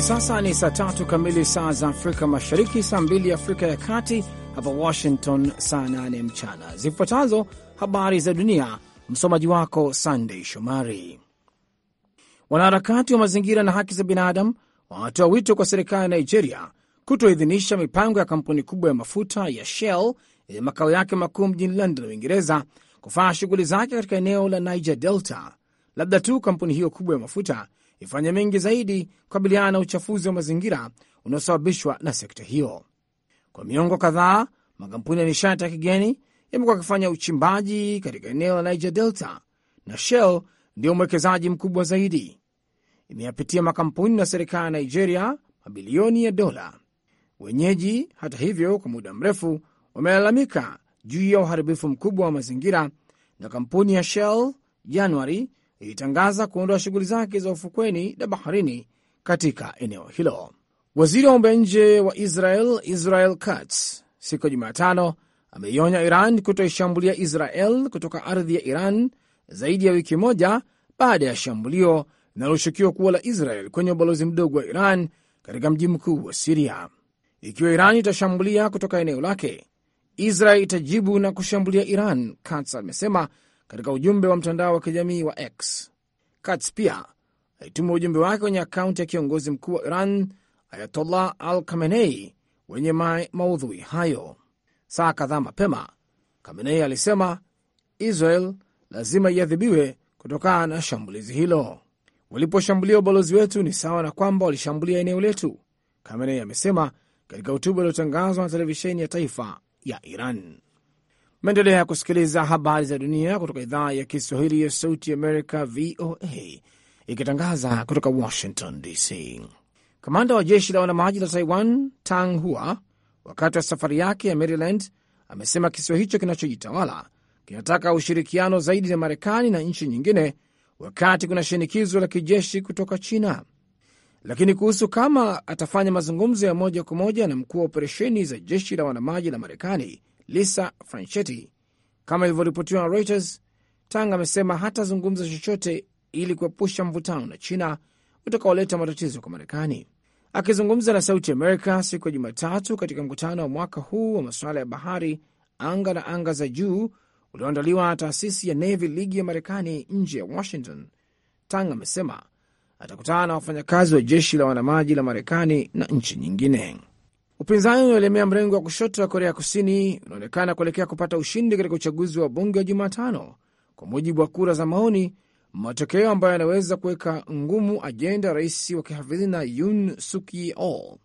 Hivi sasa ni saa tatu kamili saa za Afrika Mashariki, saa mbili Afrika ya Kati, hapa Washington saa nane mchana. Zifuatazo habari za dunia, msomaji wako Sandei Shomari. Wanaharakati wa mazingira na haki za binadam wanatoa wito kwa serikali ya Nigeria kutoidhinisha mipango ya kampuni kubwa ya mafuta ya Shell yenye makao yake makuu mjini London, Uingereza, kufanya shughuli zake katika eneo la Niger Delta, labda tu kampuni hiyo kubwa ya mafuta ifanye mengi zaidi kukabiliana na uchafuzi wa mazingira unaosababishwa na sekta hiyo. Kwa miongo kadhaa, makampuni ya nishati ya kigeni yamekuwa akifanya uchimbaji katika eneo la Niger Delta, na Shell ndiyo mwekezaji mkubwa zaidi. Imeyapitia makampuni na serikali ya Nigeria mabilioni ya dola. Wenyeji, hata hivyo, kwa muda mrefu wamelalamika juu ya uharibifu mkubwa wa mazingira, na kampuni ya Shell Januari ilitangaza kuondoa shughuli zake za ufukweni na baharini katika eneo hilo. Waziri wa mambo ya nje wa Israel Israel Katz siku ya Jumatano ameionya Iran kutoishambulia Israel kutoka ardhi ya Iran zaidi ya wiki moja baada ya shambulio linaloshukiwa kuwa la Israel kwenye ubalozi mdogo wa Iran katika mji mkuu wa Siria. Ikiwa Iran itashambulia kutoka eneo lake, Israel itajibu na kushambulia Iran, Katz amesema katika ujumbe wa mtandao wa kijamii wa X. Katz pia alituma ujumbe wake kwenye akaunti ya kiongozi mkuu wa Iran Ayatollah Al Khamenei wenye ma maudhui hayo. Saa kadhaa mapema, Khamenei alisema Israel lazima iadhibiwe kutokana na shambulizi hilo. Waliposhambulia ubalozi wetu ni sawa na kwamba walishambulia eneo letu, Khamenei amesema katika hotuba iliyotangazwa na televisheni ya taifa ya Iran. Meendelea kusikiliza habari za dunia kutoka idhaa ya Kiswahili ya Sauti Amerika, VOA, ikitangaza kutoka Washington DC. Kamanda wa jeshi la wanamaji la Taiwan Tang Hua, wakati wa safari yake ya Maryland, amesema kisiwa hicho kinachojitawala kinataka ushirikiano zaidi na Marekani na nchi nyingine, wakati kuna shinikizo la kijeshi kutoka China. Lakini kuhusu kama atafanya mazungumzo ya moja kwa moja na mkuu wa operesheni za jeshi la wanamaji la Marekani, Lisa Franchetti. Kama ilivyoripotiwa na Reuters, Tang amesema hatazungumza chochote ili kuepusha mvutano na China utakaoleta matatizo kwa Marekani. Akizungumza na Sauti Amerika siku ya Jumatatu katika mkutano wa mwaka huu wa masuala ya bahari, anga na anga za juu ulioandaliwa na taasisi ya Navy League ya Marekani nje ya Washington, Tang amesema atakutana na wafanyakazi wa jeshi la wanamaji la Marekani na nchi nyingine. Upinzani unaoelemea mrengo wa kushoto wa Korea Kusini unaonekana kuelekea kupata ushindi katika uchaguzi wa bunge wa Jumatano kwa mujibu wa kura za maoni, matokeo ambayo yanaweza kuweka ngumu ajenda rais wa kihafidhina Yoon Suk Yeol.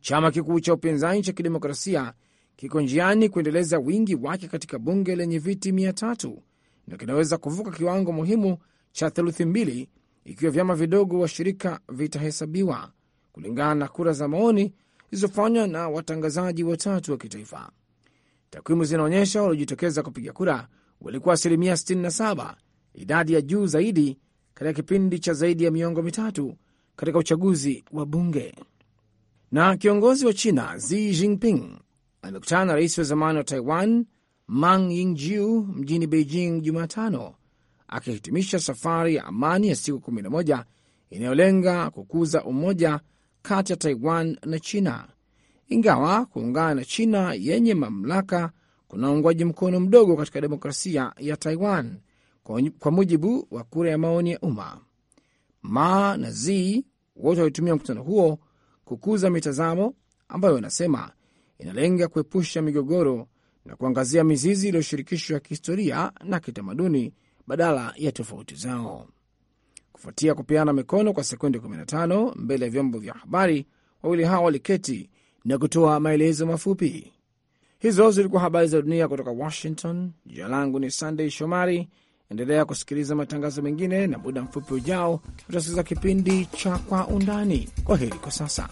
Chama kikuu cha upinzani cha kidemokrasia kiko njiani kuendeleza wingi wake katika bunge lenye viti mia tatu na kinaweza kuvuka kiwango muhimu cha theluthi mbili ikiwa vyama vidogo washirika vitahesabiwa, kulingana na kura za maoni zilizofanywa na watangazaji watatu wa kitaifa. Takwimu zinaonyesha waliojitokeza kupiga kura walikuwa asilimia 67, idadi ya juu zaidi katika kipindi cha zaidi ya miongo mitatu katika uchaguzi wa bunge. Na kiongozi wa China Xi Jinping amekutana na rais wa zamani wa Taiwan Mang Yingjiu mjini Beijing Jumatano, akihitimisha safari ya amani ya siku 11 inayolenga kukuza umoja kati ya Taiwan na China, ingawa kuungana na China yenye mamlaka kuna uungwaji mkono mdogo katika demokrasia ya Taiwan, kwa mujibu wa kura ya maoni ya umma. Ma na Z wote walitumia mkutano huo kukuza mitazamo ambayo wanasema inalenga kuepusha migogoro na kuangazia mizizi iliyoshirikishwa kihistoria na kitamaduni badala ya tofauti zao kufuatia kupeana mikono kwa sekunde 15 mbele ya vyombo vya habari. Wawili hao waliketi na kutoa maelezo mafupi. Hizo zilikuwa habari za dunia kutoka Washington. Jina langu ni Sandey Shomari. Endelea kusikiliza matangazo mengine, na muda mfupi ujao utasikiliza kipindi cha Kwa Undani. Kwa heri kwa sasa.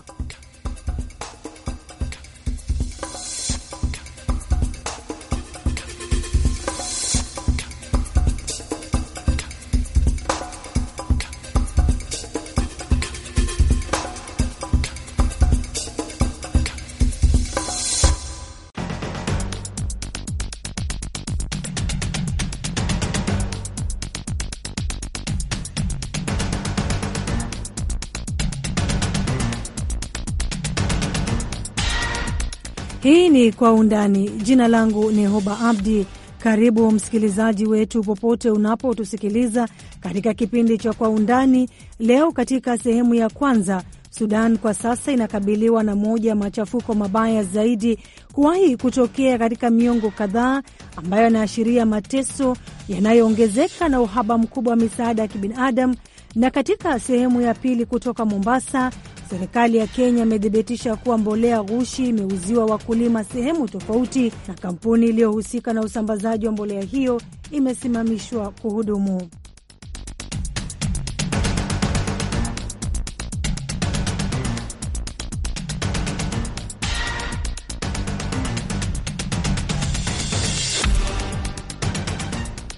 Kwa Undani. Jina langu ni Hoba Abdi. Karibu msikilizaji wetu popote unapotusikiliza katika kipindi cha Kwa Undani. Leo katika sehemu ya kwanza, Sudan kwa sasa inakabiliwa na moja ya machafuko mabaya zaidi kuwahi kutokea katika miongo kadhaa, ambayo yanaashiria mateso yanayoongezeka na uhaba mkubwa wa misaada ya kibinadamu na katika sehemu ya pili kutoka Mombasa, serikali ya Kenya imethibitisha kuwa mbolea ghushi imeuziwa wakulima sehemu tofauti, na kampuni iliyohusika na usambazaji wa mbolea hiyo imesimamishwa kuhudumu.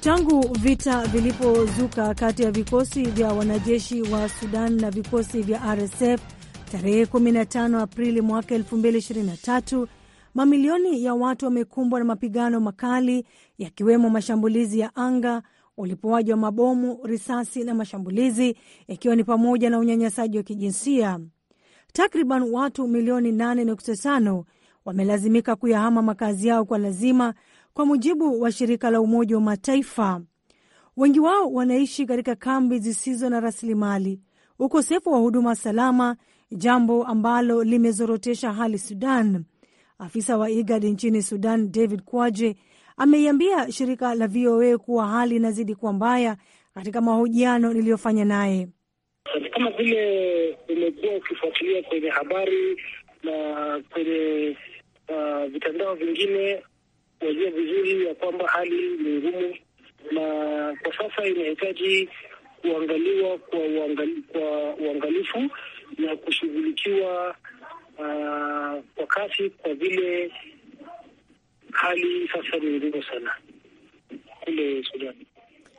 Tangu vita vilipozuka kati ya vikosi vya wanajeshi wa Sudan na vikosi vya RSF tarehe 15 Aprili mwaka 2023, mamilioni ya watu wamekumbwa na mapigano makali yakiwemo mashambulizi ya anga, ulipuaji wa mabomu, risasi na mashambulizi, ikiwa ni pamoja na unyanyasaji wa kijinsia. Takriban watu milioni 8.5 wamelazimika kuyahama makazi yao kwa lazima kwa mujibu wa shirika la Umoja wa Mataifa. Wengi wao wanaishi katika kambi zisizo na rasilimali, ukosefu wa huduma salama, jambo ambalo limezorotesha hali Sudan. Afisa wa IGAD nchini Sudan, David Kwaje, ameiambia shirika la VOA kuwa hali inazidi kuwa mbaya katika mahojiano niliyofanya naye. Kama vile umekuwa ukifuatilia kwenye habari na kwenye uh, vitandao vingine wajua vizuri ya kwamba hali ni ngumu, na kwa sasa inahitaji kuangaliwa kwa kwa uangalifu na kushughulikiwa uh, kwa kasi, kwa vile hali sasa ni ngumu sana kule Sudani.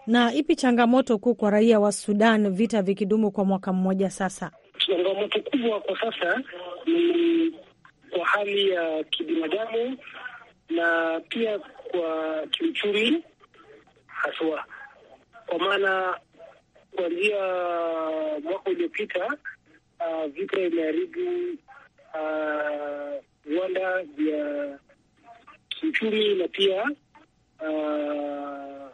Na ipi changamoto kuu kwa raia wa Sudan, vita vikidumu kwa mwaka mmoja sasa? Changamoto kubwa kwa sasa ni kwa hali ya kibinadamu na pia kwa kiuchumi haswa, kwa maana kuanzia mwaka uliopita uh, vita imeharibu uh, viwanda uh, vya kiuchumi na pia uh,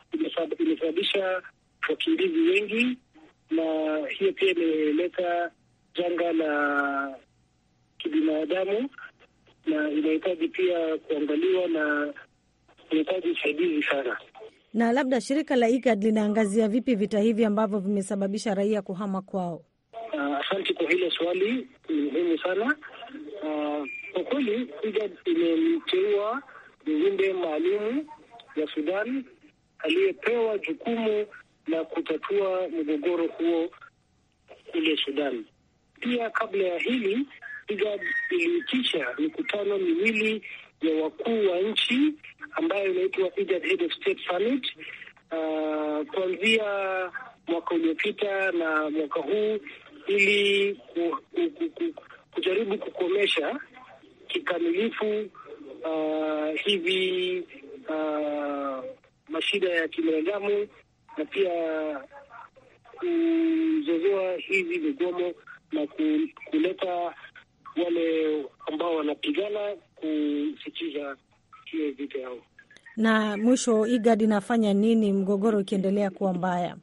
imesababisha wakimbizi wengi, na hiyo pia imeleta janga la kibinadamu na inahitaji pia kuangaliwa na inahitaji usaidizi sana. Na labda shirika la IGAD linaangazia vipi vita hivi ambavyo vimesababisha raia kuhama kwao? Uh, asante kwa hilo swali, ni muhimu sana. Ah, kwa uh, kweli IGAD imemteua mjumbe maalumu ya Sudan aliyepewa jukumu la kutatua mgogoro huo kule Sudan. Pia kabla ya hili piga imetisha mikutano miwili ya wakuu wa nchi ambayo inaitwa Head of State Summit uh, kuanzia mwaka uliopita na mwaka huu ili ku, ku, ku, ku, kujaribu kukomesha kikamilifu uh, hivi uh, mashida ya kibinadamu na pia kuzozoa hizi migomo na kuleta wale ambao wanapigana kusitiza hiyo vita yao. Na mwisho, IGAD inafanya nini mgogoro ukiendelea kuwa mbaya?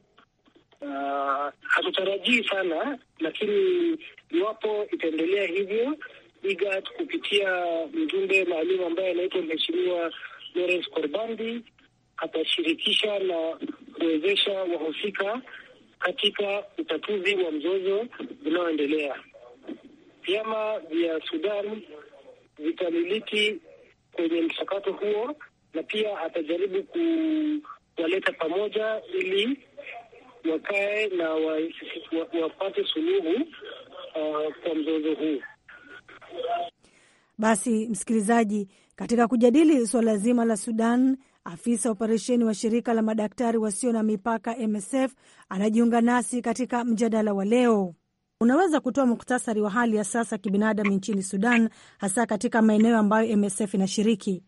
Uh, hatutarajii sana, lakini iwapo itaendelea hivyo, IGAD kupitia mjumbe maalum ambaye anaitwa Mheshimiwa Lawrence Korbandi atashirikisha na kuwezesha wahusika katika utatuzi wa mzozo unaoendelea vyama vya Sudan vitamiliki kwenye mchakato huo, na pia atajaribu kuwaleta pamoja ili wakae na wapate suluhu uh, kwa mzozo huu. Basi msikilizaji, katika kujadili suala zima la Sudan, afisa operesheni wa shirika la madaktari wasio na mipaka MSF anajiunga nasi katika mjadala wa leo unaweza kutoa muktasari wa hali ya sasa kibinadamu nchini Sudan, hasa katika maeneo ambayo MSF inashiriki?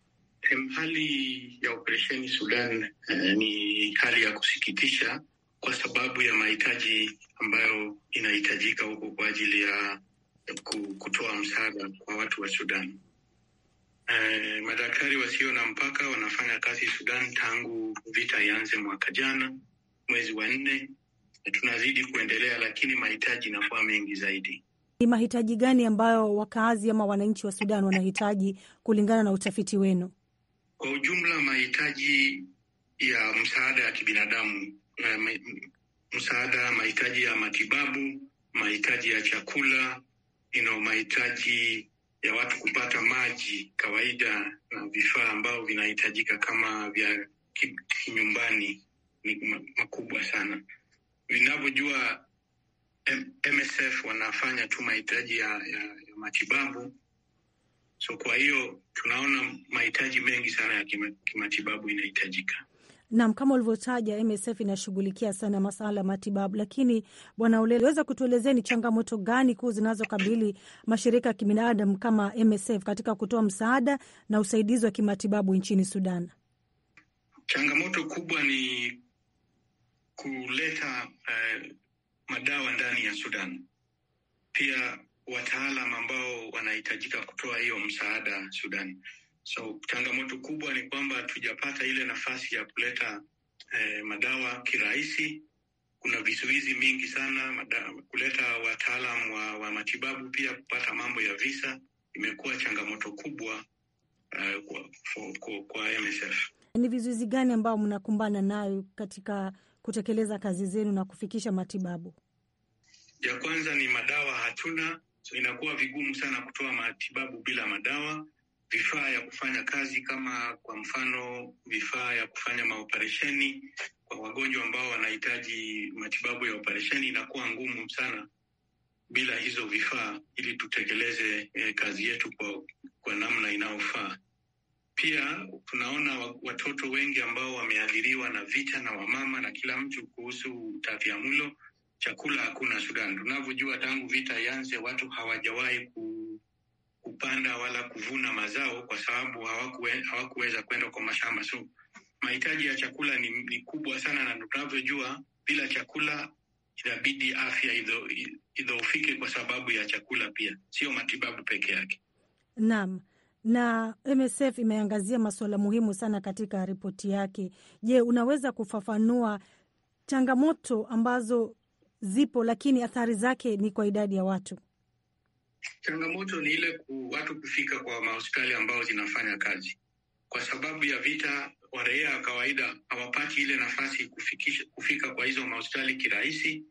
Hali ya operesheni Sudan eh, ni hali ya kusikitisha kwa sababu ya mahitaji ambayo inahitajika huko kwa ajili ya kutoa msaada kwa watu wa Sudan. Eh, madaktari wasio na mpaka wanafanya kazi Sudan tangu vita ianze mwaka jana mwezi wa nne tunazidi kuendelea, lakini mahitaji inakuwa mengi zaidi. Ni mahitaji gani ambayo wakaazi ama wananchi wa Sudan wanahitaji kulingana na utafiti wenu? Kwa ujumla, mahitaji ya msaada ya kibinadamu, eh, msaada, mahitaji ya matibabu, mahitaji ya chakula, ino mahitaji ya watu kupata maji kawaida na vifaa ambavyo vinahitajika kama vya kinyumbani ni makubwa sana vinavyojua MSF wanafanya tu mahitaji ya, ya, ya matibabu. So kwa hiyo tunaona mahitaji mengi sana ya kimatibabu inahitajika. Naam, kama ulivyotaja MSF inashughulikia sana masala ya matibabu, lakini Bwana Ule, unaweza kutuelezea ni changamoto gani kuu zinazokabili mashirika ya kibinadamu kama MSF katika kutoa msaada na usaidizi wa kimatibabu nchini Sudan? Changamoto kubwa ni kuleta uh, madawa ndani ya Sudan. Pia wataalam ambao wanahitajika kutoa hiyo msaada Sudan. So changamoto kubwa ni kwamba hatujapata ile nafasi ya kuleta eh, madawa kirahisi. Kuna vizuizi mingi sana madawa, kuleta wataalam wa, wa matibabu pia kupata mambo ya visa imekuwa changamoto kubwa uh, eh, kwa, for, kwa, kwa MSF. Ni vizuizi gani ambao mnakumbana nayo katika kutekeleza kazi zenu na kufikisha matibabu? Ya kwanza ni madawa hatuna, so inakuwa vigumu sana kutoa matibabu bila madawa. Vifaa ya kufanya kazi kama kwa mfano vifaa ya kufanya maoperesheni kwa wagonjwa ambao wanahitaji matibabu ya operesheni inakuwa ngumu sana bila hizo vifaa, ili tutekeleze eh, kazi yetu kwa, kwa namna inayofaa. Pia tunaona watoto wengi ambao wameathiriwa na vita na wamama na kila mtu kuhusu mlo Chakula hakuna Sudan. Tunavyojua, tangu vita ianze, watu hawajawahi kupanda wala kuvuna mazao kwa sababu hawakuweza kwenda kwa mashamba, so mahitaji ya chakula ni, ni kubwa sana, na tunavyojua, bila chakula inabidi afya idhoofike idho kwa sababu ya chakula, pia sio matibabu peke yake. Naam na MSF imeangazia masuala muhimu sana katika ripoti yake. Je, unaweza kufafanua changamoto ambazo zipo, lakini athari zake ni kwa idadi ya watu? Changamoto ni ile ku watu kufika kwa mahospitali ambao zinafanya kazi, kwa sababu ya vita waraia wa kawaida hawapati ile nafasi kufikisha, kufika kwa hizo mahospitali kirahisi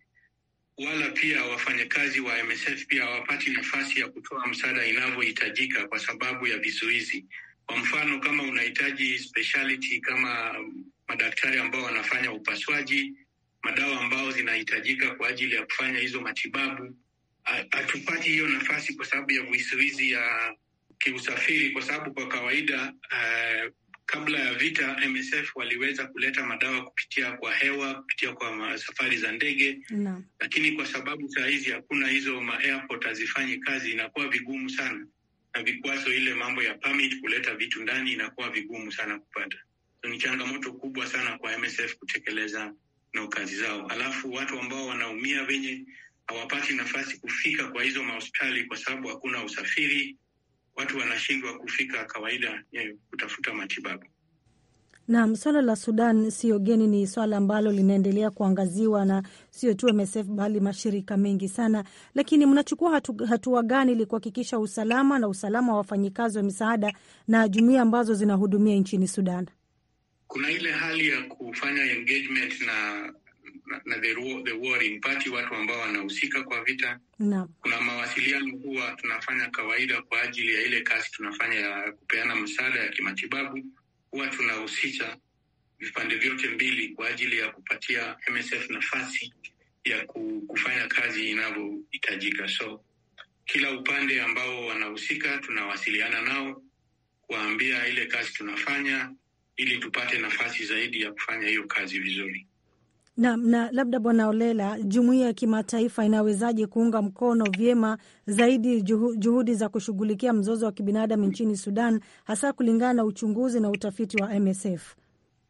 wala pia wafanyakazi wa MSF pia hawapati nafasi ya kutoa msaada inavyohitajika kwa sababu ya vizuizi. Kwa mfano, kama unahitaji speciality kama um, madaktari ambao wanafanya upasuaji, madawa ambao zinahitajika kwa ajili ya kufanya hizo matibabu, hatupati hiyo nafasi kwa sababu ya vizuizi ya kiusafiri, kwa sababu kwa kawaida uh, kabla ya vita MSF waliweza kuleta madawa kupitia kwa hewa, kupitia kwa safari za ndege no. Lakini kwa sababu saa hizi hakuna hizo ma airport hazifanyi kazi, inakuwa vigumu sana na vikwazo, ile mambo ya permit kuleta vitu ndani inakuwa vigumu sana kupata. So, ni changamoto kubwa sana kwa MSF kutekeleza na kazi zao, alafu watu ambao wanaumia wenye hawapati nafasi kufika kwa hizo mahospitali kwa sababu hakuna usafiri watu wanashindwa kufika kawaida ya kutafuta matibabu. Naam, swala la Sudan sio geni, ni swala ambalo linaendelea kuangaziwa na sio tu MSF bali mashirika mengi sana. Lakini mnachukua hatua gani ili kuhakikisha usalama na usalama wa wafanyikazi wa misaada na jumuia ambazo zinahudumia nchini Sudan? Kuna ile hali ya kufanya engagement na na the, the warring party, watu ambao wanahusika kwa vita no. Kuna mawasiliano huwa tunafanya kawaida kwa ajili ya ile kazi tunafanya ya kupeana msaada ya kimatibabu, huwa tunahusisha vipande vyote mbili kwa ajili ya kupatia MSF nafasi ya kufanya kazi inavyohitajika. So kila upande ambao wanahusika tunawasiliana nao kuwaambia ile kazi tunafanya, ili tupate nafasi zaidi ya kufanya hiyo kazi vizuri. Na, na labda Bwana Olela, jumuiya ya kimataifa inawezaje kuunga mkono vyema zaidi juhudi za kushughulikia mzozo wa kibinadamu nchini Sudan hasa kulingana na uchunguzi na utafiti wa MSF?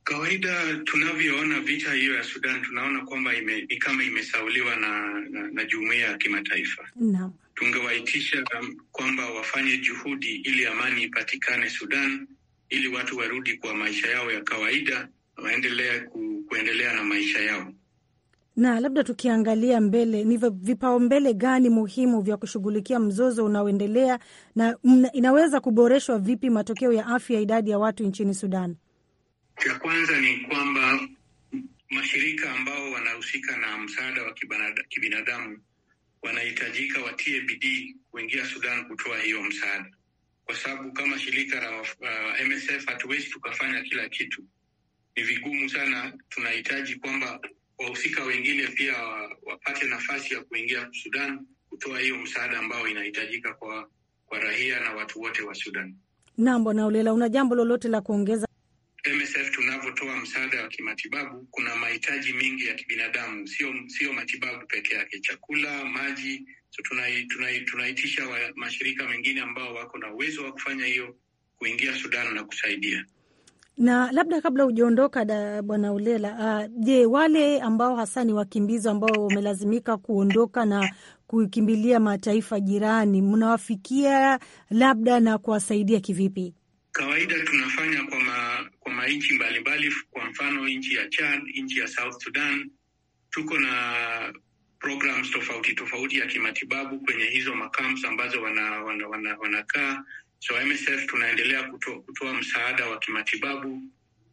Kawaida tunavyoona vita hiyo ya Sudan tunaona kwamba ime, ni kama imesauliwa na, na, na jumuiya ya kimataifa no. Tungewaitisha kwamba wafanye juhudi ili amani ipatikane Sudan, ili watu warudi kwa maisha yao ya kawaida, waendelea ku kuendelea na maisha yao. Na labda tukiangalia mbele, ni vipaumbele gani muhimu vya kushughulikia mzozo unaoendelea na inaweza kuboreshwa vipi matokeo ya afya ya idadi ya watu nchini Sudan? Cha kwanza ni kwamba mashirika ambao wanahusika na msaada wa kibinadamu wanahitajika watie bidii kuingia Sudan kutoa hiyo msaada, kwa sababu kama shirika la uh, MSF hatuwezi tukafanya kila kitu ni vigumu sana. Tunahitaji kwamba wahusika wengine pia wapate nafasi ya kuingia Sudan kutoa hiyo msaada ambao inahitajika kwa, kwa raia na watu wote wa Sudan. Naam, Bwana Ulela, una jambo lolote la kuongeza? MSF tunavyotoa msaada wa kimatibabu, kuna mahitaji mengi ya kibinadamu, sio sio matibabu peke yake, chakula, maji. So tunaitisha tuna, mashirika mengine ambao wako na uwezo wa kufanya hiyo kuingia Sudan na kusaidia. Na labda kabla hujaondoka bwana Ulela, uh, je, wale ambao hasa ni wakimbizi ambao wamelazimika kuondoka na kukimbilia mataifa jirani, mnawafikia labda na kuwasaidia kivipi? Kawaida tunafanya kwa ma, kwa manchi mbalimbali, kwa mfano nchi ya Chad, nchi ya South Sudan. Tuko na programs tofauti tofauti ya kimatibabu kwenye hizo makamps ambazo wanakaa wana, wana, wana So MSF tunaendelea kutoa, kutoa msaada wa kimatibabu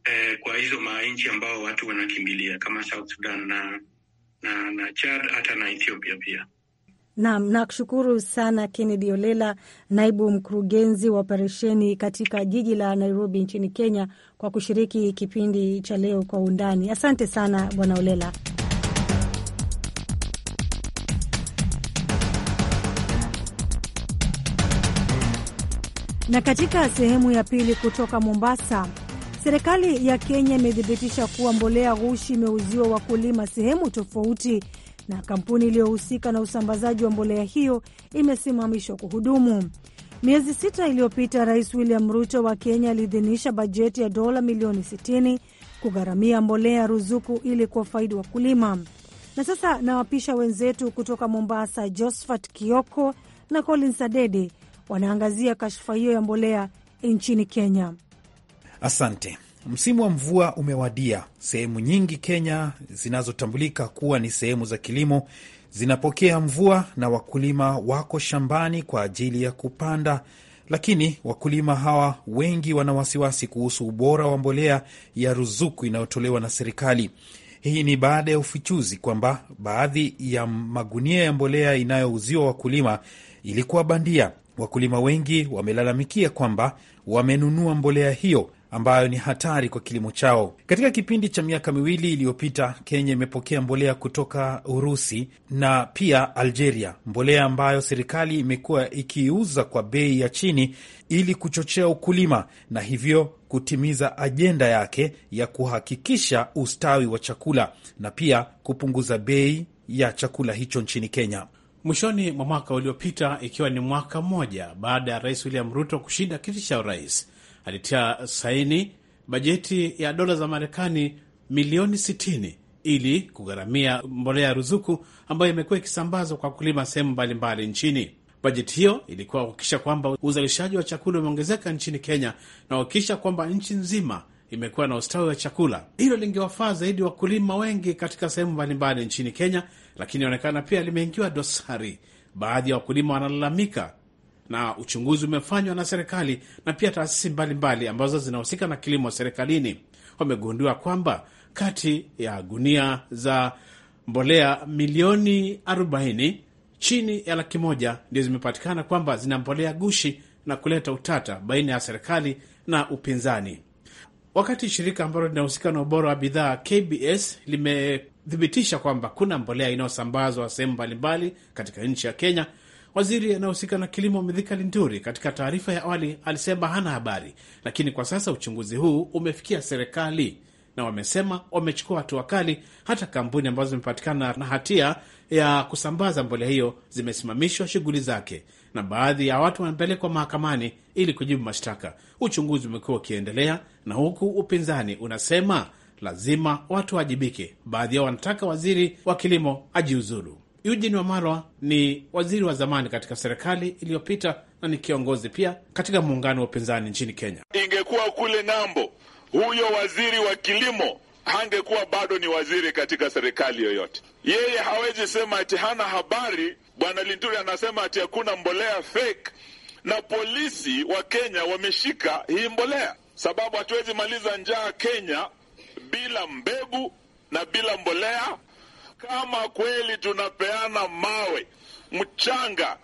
eh, kwa hizo manchi ambao watu wanakimbilia kama South Sudan na, na, na Chad hata na Ethiopia pia. Naam, nakushukuru sana Kennedy Olela, naibu mkurugenzi wa operesheni katika jiji la Nairobi nchini Kenya, kwa kushiriki kipindi cha leo kwa undani. Asante sana Bwana Olela. Na katika sehemu ya pili kutoka Mombasa, serikali ya Kenya imethibitisha kuwa mbolea ghushi imeuziwa wakulima sehemu tofauti, na kampuni iliyohusika na usambazaji wa mbolea hiyo imesimamishwa kuhudumu. Miezi sita iliyopita, Rais William Ruto wa Kenya aliidhinisha bajeti ya dola milioni 60 kugharamia mbolea ruzuku ili kuwafaidi wakulima. Na sasa nawapisha wenzetu kutoka Mombasa, Josphat Kioko na Colin Sadede wanaangazia kashfa hiyo ya mbolea nchini Kenya. Asante. Msimu wa mvua umewadia. Sehemu nyingi Kenya zinazotambulika kuwa ni sehemu za kilimo zinapokea mvua na wakulima wako shambani kwa ajili ya kupanda, lakini wakulima hawa wengi wana wasiwasi kuhusu ubora wa mbolea ya ruzuku inayotolewa na serikali. Hii ni baada ya ufichuzi kwamba baadhi ya magunia ya mbolea inayouziwa wakulima ilikuwa bandia. Wakulima wengi wamelalamikia kwamba wamenunua mbolea hiyo ambayo ni hatari kwa kilimo chao. Katika kipindi cha miaka miwili iliyopita, Kenya imepokea mbolea kutoka Urusi na pia Algeria, mbolea ambayo serikali imekuwa ikiuza kwa bei ya chini ili kuchochea ukulima na hivyo kutimiza ajenda yake ya kuhakikisha ustawi wa chakula na pia kupunguza bei ya chakula hicho nchini Kenya mwishoni mwa mwaka uliopita, ikiwa ni mwaka mmoja baada ya Rais William Ruto kushinda kiti cha urais. Alitia saini bajeti ya dola za Marekani milioni 60 ili kugharamia mbolea ya ruzuku ambayo imekuwa ikisambazwa kwa kulima sehemu mbalimbali nchini. Bajeti hiyo ilikuwa kuhakikisha kwamba uzalishaji wa chakula umeongezeka nchini Kenya na kuhakikisha kwamba nchi nzima imekuwa na ustawi wa chakula. Hilo lingewafaa zaidi wakulima wengi katika sehemu mbalimbali nchini Kenya, lakini inaonekana pia limeingiwa dosari. Baadhi ya wakulima wanalalamika, na uchunguzi umefanywa na serikali na pia taasisi mbalimbali ambazo zinahusika na kilimo serikalini, wamegundua kwamba kati ya gunia za mbolea milioni 40 chini ya laki moja ndio zimepatikana kwamba zina mbolea gushi na kuleta utata baina ya serikali na upinzani wakati shirika ambalo linahusika na ubora wa bidhaa KBS limethibitisha kwamba kuna mbolea inayosambazwa sehemu mbalimbali katika nchi ya Kenya. Waziri anayehusika na kilimo Mithika Linturi katika taarifa ya awali alisema hana habari, lakini kwa sasa uchunguzi huu umefikia serikali na wamesema wamechukua hatua kali. Hata kampuni ambazo zimepatikana na hatia ya kusambaza mbolea hiyo zimesimamishwa shughuli zake, na baadhi ya watu wamepelekwa mahakamani ili kujibu mashtaka. Uchunguzi umekuwa ukiendelea, na huku upinzani unasema lazima watu wajibike. Baadhi yao wanataka waziri wa kilimo ajiuzuru. Eugene Wamalwa ni waziri wa zamani katika serikali iliyopita na ni kiongozi pia katika muungano wa upinzani nchini Kenya. Ingekuwa kule nambo huyo waziri wa kilimo hangekuwa bado ni waziri katika serikali yoyote. Yeye hawezi sema ati hana habari. Bwana Linturi anasema ati hakuna mbolea fake, na polisi wa Kenya wameshika hii mbolea, sababu hatuwezi maliza njaa Kenya bila mbegu na bila mbolea. Kama kweli tunapeana mawe, mchanga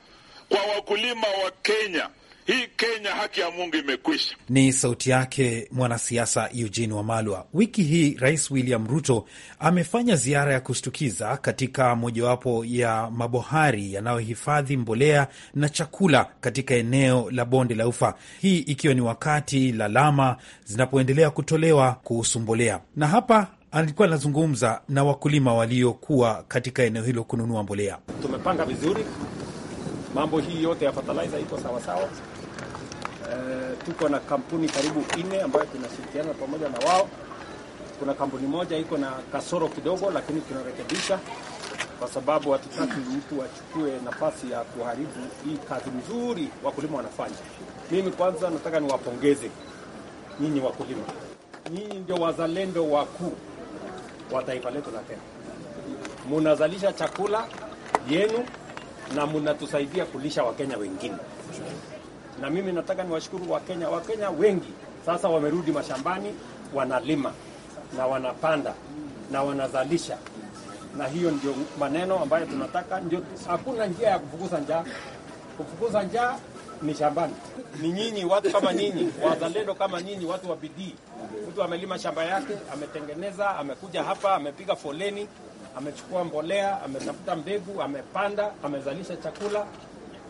kwa wakulima wa Kenya hii Kenya haki ya Mungu imekwisha. Ni sauti yake mwanasiasa Eugene Wamalwa. Wiki hii Rais William Ruto amefanya ziara ya kushtukiza katika mojawapo ya mabohari yanayohifadhi mbolea na chakula katika eneo la bonde la Ufa, hii ikiwa ni wakati lalama zinapoendelea kutolewa kuhusu mbolea, na hapa alikuwa anazungumza na wakulima waliokuwa katika eneo hilo kununua mbolea. Tumepanga vizuri mambo hii yote ya fertilizer iko sawasawa Eh, tuko na kampuni karibu nne ambayo tunashirikiana pamoja na wao. Kuna kampuni moja iko na kasoro kidogo, lakini tunarekebisha kwa sababu hatutaki mtu achukue nafasi ya kuharibu hii kazi nzuri wakulima wanafanya. Mimi kwanza nataka niwapongeze nyinyi wakulima, nyinyi ndio wazalendo wakuu wa taifa letu la Kenya. Munazalisha chakula yenu na munatusaidia kulisha Wakenya wengine na mimi nataka niwashukuru Wakenya. Wakenya wengi sasa wamerudi mashambani, wanalima na wanapanda na wanazalisha, na hiyo ndio maneno ambayo tunataka. Ndio, hakuna njia ya kufukuza njaa. Kufukuza njaa ni shambani, ni nyinyi, watu kama nyinyi, wazalendo kama nyinyi, watu wa bidii. Mtu amelima shamba yake, ametengeneza, amekuja hapa, amepiga foleni, amechukua mbolea, ametafuta mbegu, amepanda, amezalisha chakula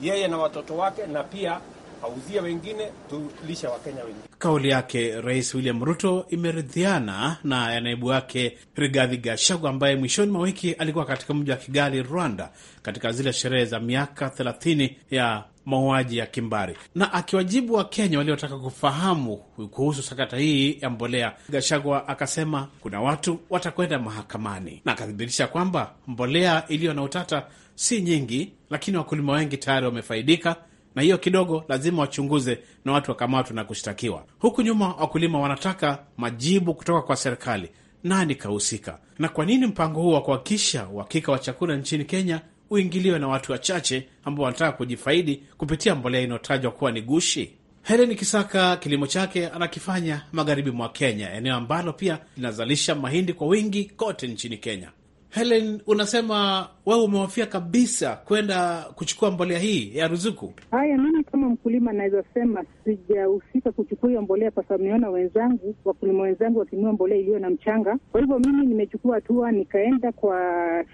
yeye na watoto wake na pia tukauzia wengine, tulisha wakenya wengine. Kauli yake Rais William Ruto imeridhiana na naibu wake Rigathi Gachagua ambaye mwishoni mwa wiki alikuwa katika mji wa Kigali, Rwanda, katika zile sherehe za miaka 30 ya mauaji ya kimbari na akiwajibu wa kenya waliotaka kufahamu kuhusu sakata hii ya mbolea, Gashagwa akasema kuna watu watakwenda mahakamani, na akathibitisha kwamba mbolea iliyo na utata si nyingi, lakini wakulima wengi tayari wamefaidika na hiyo kidogo lazima wachunguze na watu wakamatwa na kushtakiwa. Huku nyuma wakulima wanataka majibu kutoka kwa serikali, nani kahusika na kwa nini mpango huu wa kuhakikisha uhakika wa chakula nchini Kenya uingiliwe na watu wachache ambao wanataka kujifaidi kupitia mbolea inayotajwa kuwa ni gushi. Helen Kisaka kilimo chake anakifanya magharibi mwa Kenya, eneo ambalo pia linazalisha mahindi kwa wingi kote nchini Kenya. Helen, unasema wewe umewafia kabisa kwenda kuchukua mbolea hii ya ruzuku? Haya, mimi kama mkulima naweza sema sijahusika kuchukua hiyo mbolea, kwa sababu nimeona wenzangu, wakulima wenzangu wakinunua mbolea iliyo na mchanga. Kwa hivyo mimi nimechukua hatua, nikaenda kwa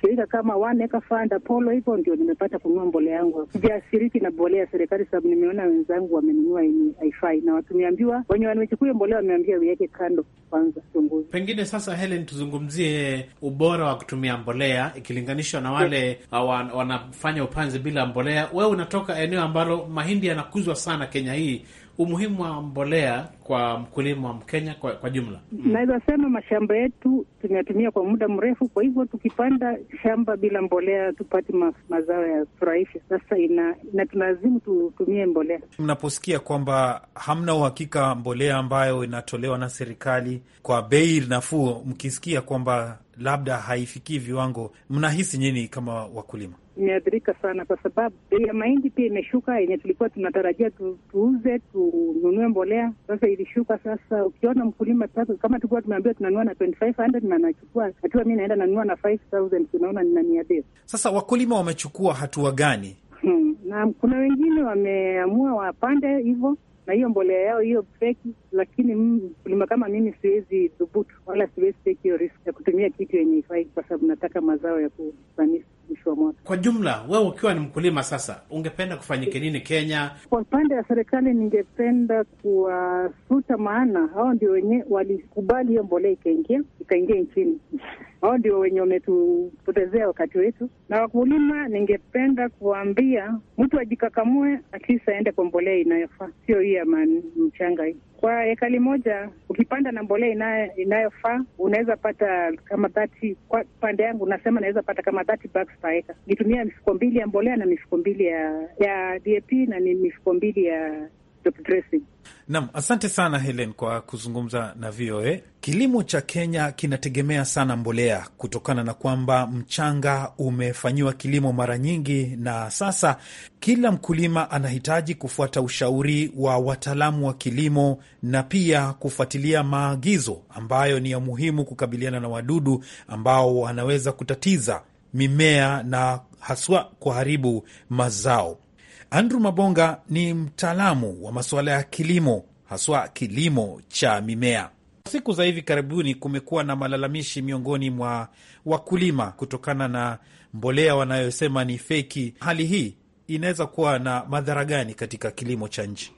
shirika kama One Acre Fund, Apollo, hivyo ndio nimepata kununua mbolea yangu. Sijashiriki na mbolea ya serikali, sababu nimeona wenzangu wamenunua yenye haifai, na tumeambiwa wenye wamechukua mbolea wameambia weke kando kwanza, chunguzi. Pengine sasa, Helen, tuzungumzie ubora wa kutumia mbolea ikilinganishwa na wale uh, wan, wanafanya upanzi bila mbolea. Wewe unatoka eneo ambalo mahindi yanakuzwa sana Kenya hii, umuhimu wa mbolea kwa mkulima wa Mkenya kwa, kwa jumla? Mm. Naweza sema mashamba yetu tumeyatumia kwa muda mrefu, kwa hivyo tukipanda shamba bila mbolea tupate ma, mazao ya furahisha. Sasa ina, ina tunalazimu tutumie mbolea. Mnaposikia kwamba hamna uhakika mbolea ambayo inatolewa na serikali kwa bei nafuu, mkisikia kwamba labda haifikii viwango, mnahisi nyini kama wakulima? Imeathirika sana kwa sababu bei ya mahindi pia imeshuka, yenye tulikuwa tunatarajia tu, tuuze tununue mbolea, sasa ilishuka. Sasa ukiona mkulima tatu, kama tulikuwa tumeambiwa tunanua na 2500 na nachukua hatua, mi naenda nanua na 5000 tunaona nina Sasa wakulima wamechukua hatua gani? Hmm, na kuna wengine wameamua wapande hivyo na hiyo mbolea yao hiyo feki, lakini mkulima kama mimi siwezi dhubutu wala siwezi take hiyo risk ya kutumia kitu yenye ifai, kwa sababu nataka mazao ya kufanisi mwisho wa mwaka. Kwa jumla, wewe ukiwa ni mkulima sasa, ungependa kufanyike nini Kenya? Kwa upande wa serikali, ningependa kuwafuta, maana hao ndio wenyewe walikubali hiyo mbolea ikaingia ikaingia nchini hao ndio wenye wametupotezea wakati wetu. Na wakulima, ningependa kuwaambia mtu ajikakamue, at least aende kwa mbolea inayofaa, sio hii ya mchanga hii. Kwa hekali moja ukipanda na mbolea inayofaa unaweza pata kama thati. Kwa pande yangu nasema naweza pata kama thati bags per acre, nitumia mifuko mbili ya mbolea na mifuko mbili ya, ya DAP na ni mifuko mbili ya Naam, asante sana Helen kwa kuzungumza na VOA. Kilimo cha Kenya kinategemea sana mbolea kutokana na kwamba mchanga umefanyiwa kilimo mara nyingi, na sasa kila mkulima anahitaji kufuata ushauri wa wataalamu wa kilimo na pia kufuatilia maagizo ambayo ni ya muhimu kukabiliana na wadudu ambao wanaweza kutatiza mimea na haswa kuharibu mazao. Andrew Mabonga ni mtaalamu wa masuala ya kilimo, haswa kilimo cha mimea. Siku za hivi karibuni kumekuwa na malalamishi miongoni mwa wakulima kutokana na mbolea wanayosema ni feki. Hali hii inaweza kuwa na madhara gani katika kilimo cha nchi?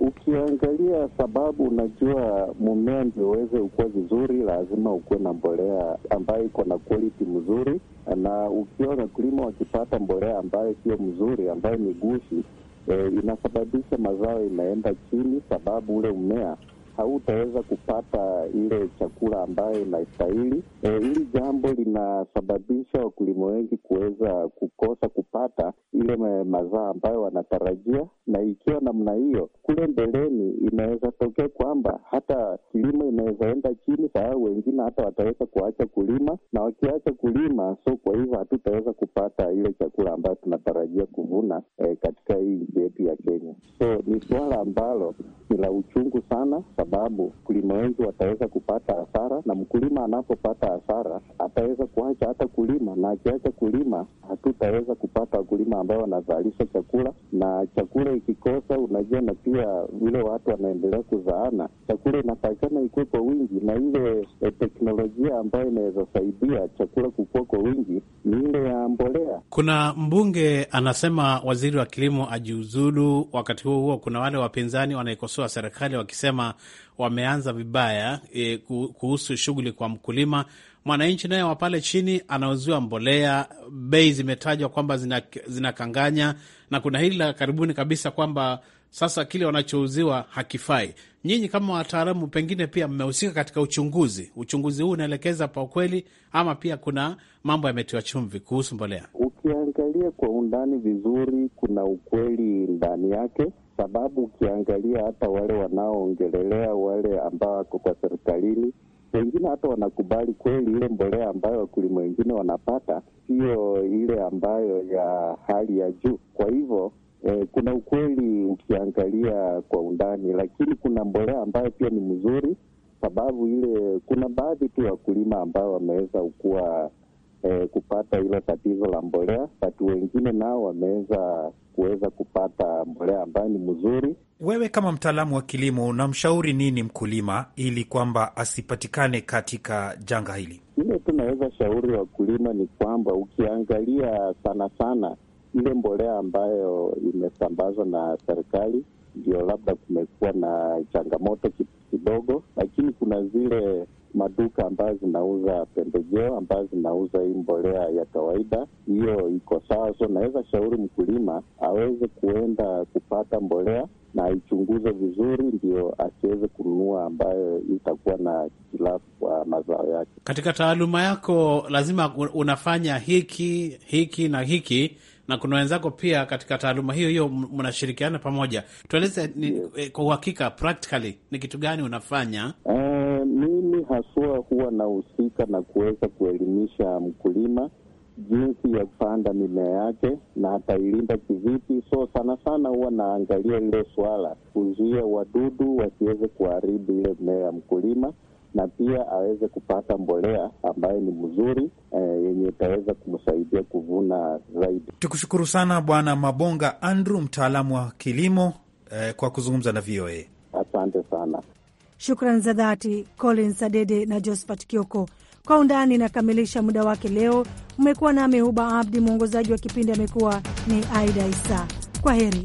ukiangalia sababu, unajua mmea ndio uweze ukue vizuri, lazima ukuwe na mbolea ambayo iko na quality mzuri, na ukiwa wakulima wakipata mbolea ambayo sio mzuri, ambayo ni gushi, e, inasababisha mazao inaenda chini, sababu ule mmea hautaweza kupata ile chakula ambayo inastahili. E, hili e, jambo linasababisha wakulima wengi kuweza kukosa kupata ile mazao ambayo wanatarajia, na ikiwa namna hiyo, kule mbeleni inaweza tokea kwamba hata kilimo inaweza enda chini, sababu wengine hata wataweza kuacha kulima, na wakiacha kulima, so kwa hivyo hatutaweza kupata ile chakula ambayo tunatarajia kuvuna e, katika hii nchi yetu ya Kenya. So ni suala ambalo ni la uchungu sana sababu mkulima wengi wataweza kupata hasara, na mkulima anapopata hasara ataweza kuacha hata kulima, na akiacha kulima hatutaweza kupata wakulima ambao wanazalisha chakula, na chakula ikikosa, unajua, na pia vile watu wanaendelea kuzaana, chakula inatakikana ikuwe kwa wingi, na ile e, teknolojia ambayo inaweza saidia chakula kukua kwa wingi ni ile ya mbolea. Kuna mbunge anasema waziri wa kilimo ajiuzulu. Wakati huo huo, kuna wale wapinzani wanaikosoa serikali wakisema wameanza vibaya e, kuhusu shughuli kwa mkulima. Mwananchi naye wa pale chini anauziwa mbolea, bei zimetajwa kwamba zinakanganya, zina na kuna hili la karibuni kabisa kwamba sasa kile wanachouziwa hakifai. Nyinyi kama wataalamu, pengine pia mmehusika katika uchunguzi. Uchunguzi huu unaelekeza pa ukweli ama pia kuna mambo yametiwa chumvi kuhusu mbolea? Ukiangalia kwa undani vizuri, kuna ukweli ndani yake sababu ukiangalia hata wale wanaoongelelea wale ambao wako kwa serikalini wengine hata wanakubali kweli ile mbolea ambayo wakulima wengine wanapata siyo ile ambayo ya hali ya juu. Kwa hivyo eh, kuna ukweli ukiangalia kwa undani, lakini kuna mbolea ambayo pia ni mzuri, sababu ile kuna baadhi tu wakulima ambao wameweza kuwa eh, kupata ile tatizo la mbolea. Watu wengine nao wameweza kuweza kupata mbolea ambayo ni mzuri. Wewe kama mtaalamu wa kilimo unamshauri nini mkulima ili kwamba asipatikane katika janga hili? Ile tunaweza shauri wakulima ni kwamba ukiangalia sana sana ile mbolea ambayo imesambazwa na serikali, ndio labda kumekuwa na changamoto kidogo, lakini kuna zile maduka ambayo zinauza pembejeo ambayo zinauza hii mbolea ya kawaida, hiyo iko sawa. So naweza shauri mkulima aweze kuenda kupata mbolea na aichunguze vizuri, ndio asiweze kununua ambayo itakuwa na hitilafu kwa mazao yake. Katika taaluma yako lazima unafanya hiki hiki na hiki na kuna wenzako pia katika taaluma hiyo hiyo, mnashirikiana pamoja. Tueleze yes. Eh, kwa uhakika practically ni kitu gani unafanya? Uh, mimi haswa huwa nahusika na kuweza kuelimisha mkulima jinsi ya kupanda mimea yake na atailinda kivipi. So sana sana huwa naangalia lile swala kuzuia wadudu wasiweze kuharibu ile mimea ya mkulima, na pia aweze kupata mbolea ambayo ni mzuri eh, yenye itaweza kumsaidia kuvuna zaidi. Tukushukuru sana Bwana Mabonga Andrew, mtaalamu wa kilimo eh, kwa kuzungumza na VOA. Asante sana. Shukran za dhati colin sadede na Josphat Kioko. Kwa Undani inakamilisha muda wake leo. Mmekuwa nami Huba Abdi, mwongozaji wa kipindi amekuwa ni Aida Isa. Kwa heri.